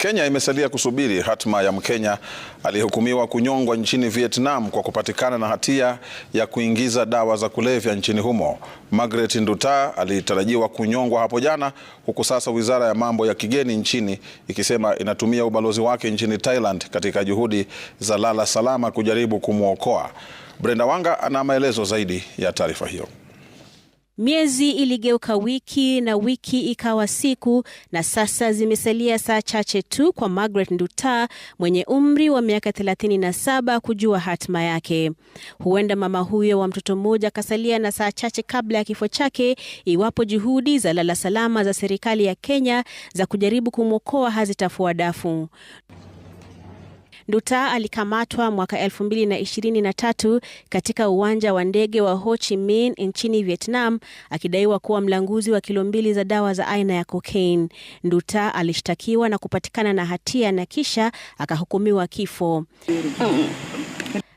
Kenya imesalia kusubiri hatma ya Mkenya aliyehukumiwa kunyongwa nchini Vietnam kwa kupatikana na hatia ya kuingiza dawa za kulevya nchini humo. Margaret Nduta alitarajiwa kunyongwa hapo jana, huku sasa wizara ya mambo ya kigeni nchini ikisema inatumia ubalozi wake nchini Thailand katika juhudi za lala salama kujaribu kumwokoa. Brenda Wanga ana maelezo zaidi ya taarifa hiyo. Miezi iligeuka wiki na wiki ikawa siku, na sasa zimesalia saa chache tu kwa Margaret Nduta mwenye umri wa miaka 37 kujua hatima yake. Huenda mama huyo wa mtoto mmoja akasalia na saa chache kabla ya kifo chake, iwapo juhudi za lala salama za serikali ya Kenya za kujaribu kumwokoa hazitafua dafu. Nduta alikamatwa mwaka 2023 katika uwanja wa ndege wa Ho Chi Minh nchini Vietnam akidaiwa kuwa mlanguzi wa kilo mbili za dawa za aina ya cocaine. Nduta alishtakiwa na kupatikana na hatia na kisha akahukumiwa kifo.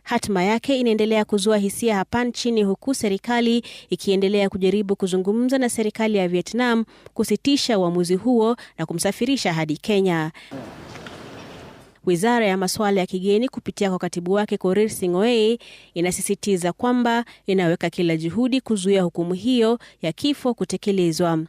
Hatima yake inaendelea kuzua hisia hapa nchini huku serikali ikiendelea kujaribu kuzungumza na serikali ya Vietnam kusitisha uamuzi huo na kumsafirisha hadi Kenya. Wizara ya masuala ya kigeni kupitia kwa katibu wake Korir Sing'oei inasisitiza kwamba inaweka kila juhudi kuzuia hukumu hiyo ya kifo kutekelezwa.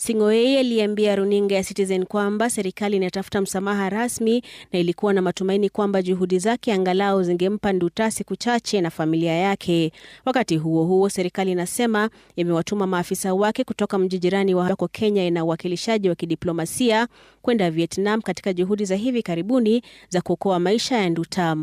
Singoei aliambia runinga ya Citizen kwamba serikali inatafuta msamaha rasmi na ilikuwa na matumaini kwamba juhudi zake angalau zingempa Nduta siku chache na familia yake. Wakati huo huo, serikali inasema imewatuma maafisa wake kutoka mji jirani wako Kenya ina uwakilishaji wa kidiplomasia kwenda Vietnam katika juhudi za hivi karibuni za kuokoa maisha ya Nduta.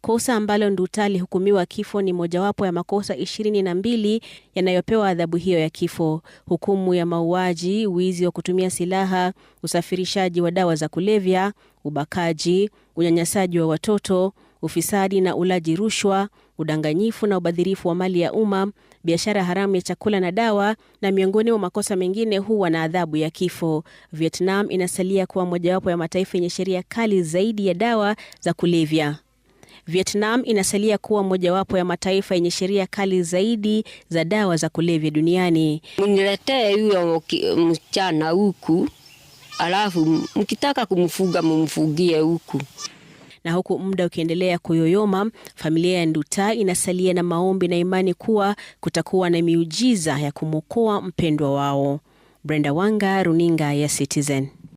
Kosa ambalo Nduta alihukumiwa kifo ni mojawapo ya makosa ishirini na mbili yanayopewa adhabu hiyo ya kifo. Hukumu ya mauaji wizi, wa kutumia silaha, usafirishaji wa dawa za kulevya, ubakaji, unyanyasaji wa watoto, ufisadi na ulaji rushwa, udanganyifu na ubadhirifu wa mali ya umma, biashara haramu ya chakula na dawa, na miongoni mwa makosa mengine huwa na adhabu ya kifo. Vietnam inasalia kuwa mojawapo ya mataifa yenye sheria kali zaidi ya dawa za kulevya. Vietnam inasalia kuwa mojawapo ya mataifa yenye sheria kali zaidi za dawa za kulevya duniani. Mniletee huyo msichana huku, alafu mkitaka kumfuga mumfugie huku na huku muda ukiendelea kuyoyoma, familia ya Nduta inasalia na maombi na imani kuwa kutakuwa na miujiza ya kumwokoa mpendwa wao. Brenda Wanga, runinga ya Citizen.